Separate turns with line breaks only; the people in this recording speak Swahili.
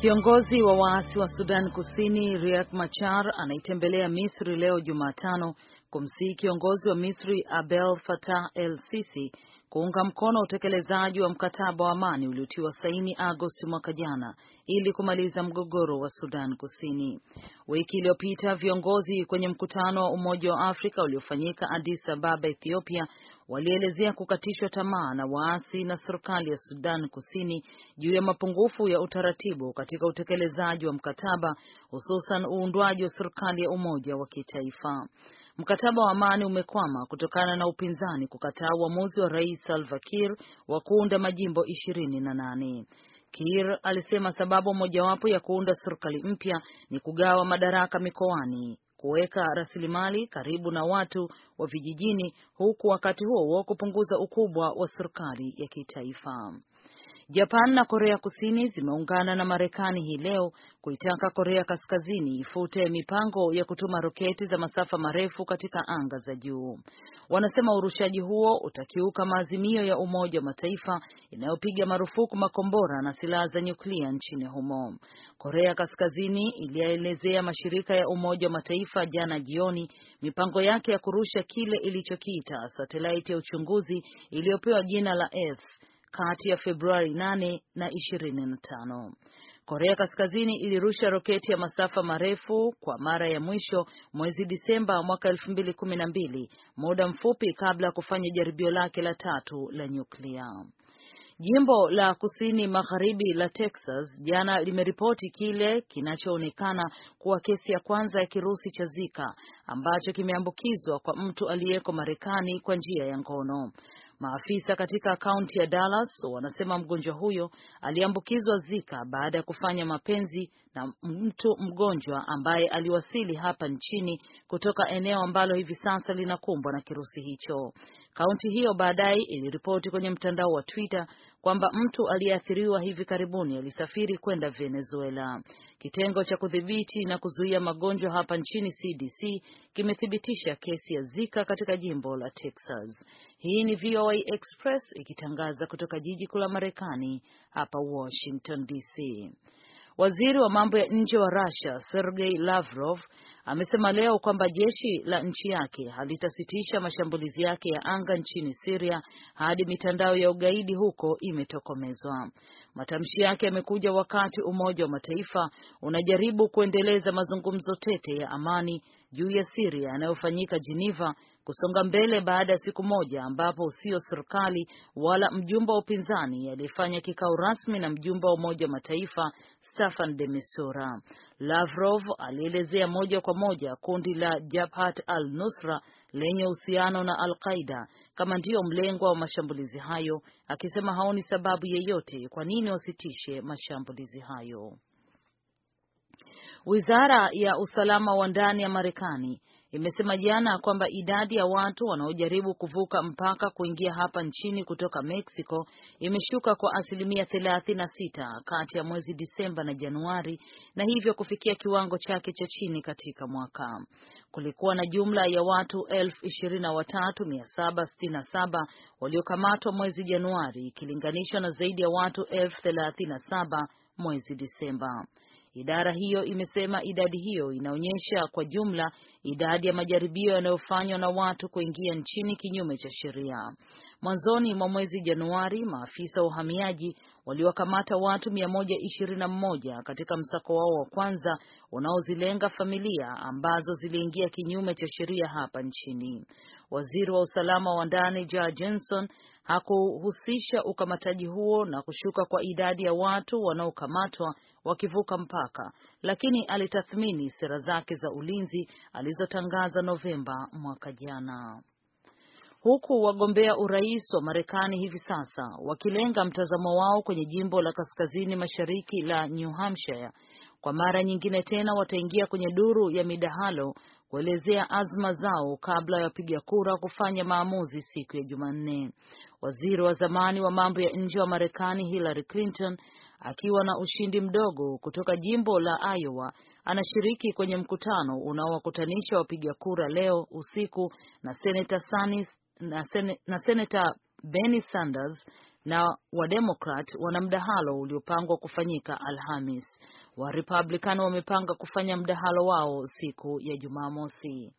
Kiongozi wa waasi wa Sudan Kusini Riek Machar anaitembelea Misri leo Jumatano kumsihi kiongozi wa Misri Abdel Fattah el Sisi kuunga mkono utekelezaji wa mkataba wa amani uliotiwa saini Agosti mwaka jana ili kumaliza mgogoro wa Sudan Kusini. Wiki iliyopita viongozi kwenye mkutano wa Umoja wa Afrika uliofanyika Addis Ababa, Ethiopia, walielezea kukatishwa tamaa na waasi na serikali ya Sudan Kusini juu ya mapungufu ya utaratibu katika utekelezaji wa mkataba, hususan uundwaji wa serikali ya umoja wa kitaifa. Mkataba wa amani umekwama kutokana na upinzani kukataa uamuzi wa Rais Salva Kiir wa kuunda majimbo ishirini na nane. Kiir alisema sababu mojawapo ya kuunda serikali mpya ni kugawa madaraka mikoani, kuweka rasilimali karibu na watu wa vijijini, huku wakati huo huo kupunguza ukubwa wa serikali ya kitaifa. Japan na Korea Kusini zimeungana na Marekani hii leo kuitaka Korea Kaskazini ifute mipango ya kutuma roketi za masafa marefu katika anga za juu. Wanasema urushaji huo utakiuka maazimio ya Umoja wa Mataifa inayopiga marufuku makombora na silaha za nyuklia nchini humo. Korea Kaskazini ilielezea mashirika ya Umoja wa Mataifa jana jioni mipango yake ya kurusha kile ilichokiita satelaiti ya uchunguzi iliyopewa jina la Earth kati ya Februari 8 na 25. Korea Kaskazini ilirusha roketi ya masafa marefu kwa mara ya mwisho mwezi Disemba mwaka 2012, muda mfupi kabla ya kufanya jaribio lake la tatu la nyuklia. Jimbo la kusini magharibi la Texas jana limeripoti kile kinachoonekana kuwa kesi ya kwanza ya kirusi cha Zika ambacho kimeambukizwa kwa mtu aliyeko Marekani kwa njia ya ngono. Maafisa katika kaunti ya Dallas wanasema mgonjwa huyo aliambukizwa Zika baada ya kufanya mapenzi na mtu mgonjwa ambaye aliwasili hapa nchini kutoka eneo ambalo hivi sasa linakumbwa na kirusi hicho. Kaunti hiyo baadaye iliripoti kwenye mtandao wa Twitter kwamba mtu aliyeathiriwa hivi karibuni alisafiri kwenda Venezuela. Kitengo cha kudhibiti na kuzuia magonjwa hapa nchini CDC kimethibitisha kesi ya Zika katika jimbo la Texas. Hii ni VOA Express ikitangaza kutoka jiji kuu la Marekani hapa Washington DC. Waziri wa mambo ya nje wa Russia Sergei Lavrov amesema leo kwamba jeshi la nchi yake halitasitisha mashambulizi yake ya anga nchini Syria hadi mitandao ya ugaidi huko imetokomezwa. Matamshi yake yamekuja wakati Umoja wa Mataifa unajaribu kuendeleza mazungumzo tete ya amani juu ya Siria yanayofanyika Geneva kusonga mbele baada ya siku moja ambapo sio serikali wala mjumbe wa upinzani aliyefanya kikao rasmi na mjumbe wa Umoja wa Mataifa Staffan de Mistura. Lavrov alielezea moja kwa moja kundi la Jabhat al-Nusra lenye uhusiano na Al-Qaida kama ndiyo mlengwa wa mashambulizi hayo, akisema haoni sababu yeyote kwa nini wasitishe mashambulizi hayo. Wizara ya usalama wa ndani ya Marekani imesema jana kwamba idadi ya watu wanaojaribu kuvuka mpaka kuingia hapa nchini kutoka Mexico imeshuka kwa asilimia 36 kati ya mwezi Disemba na Januari na hivyo kufikia kiwango chake cha chini katika mwaka. Kulikuwa na jumla ya watu 23767 waliokamatwa mwezi Januari ikilinganishwa na zaidi ya watu 37 mwezi Disemba. Idara hiyo imesema idadi hiyo inaonyesha kwa jumla idadi ya majaribio yanayofanywa na watu kuingia nchini kinyume cha sheria. Mwanzoni mwa mwezi Januari, maafisa wa uhamiaji waliwakamata watu 121 katika msako wao wa kwanza unaozilenga familia ambazo ziliingia kinyume cha sheria hapa nchini. Waziri wa usalama wa ndani Ja Jenson hakuhusisha ukamataji huo na kushuka kwa idadi ya watu wanaokamatwa wakivuka mpaka mipaka, lakini alitathmini sera zake za ulinzi alizotangaza Novemba mwaka jana. Huku wagombea urais wa Marekani hivi sasa wakilenga mtazamo wao kwenye jimbo la kaskazini mashariki la New Hampshire kwa mara nyingine tena wataingia kwenye duru ya midahalo kuelezea azma zao kabla ya wapiga kura kufanya maamuzi siku ya Jumanne. Waziri wa zamani wa mambo ya nje wa Marekani Hillary Clinton akiwa na ushindi mdogo kutoka jimbo la Iowa anashiriki kwenye mkutano unaowakutanisha wapiga kura leo usiku na seneta Sanis, na, sen, na seneta Bernie Sanders na Wademokrat wana mdahalo uliopangwa kufanyika Alhamis wa Republican wamepanga kufanya mdahalo wao siku ya Jumamosi.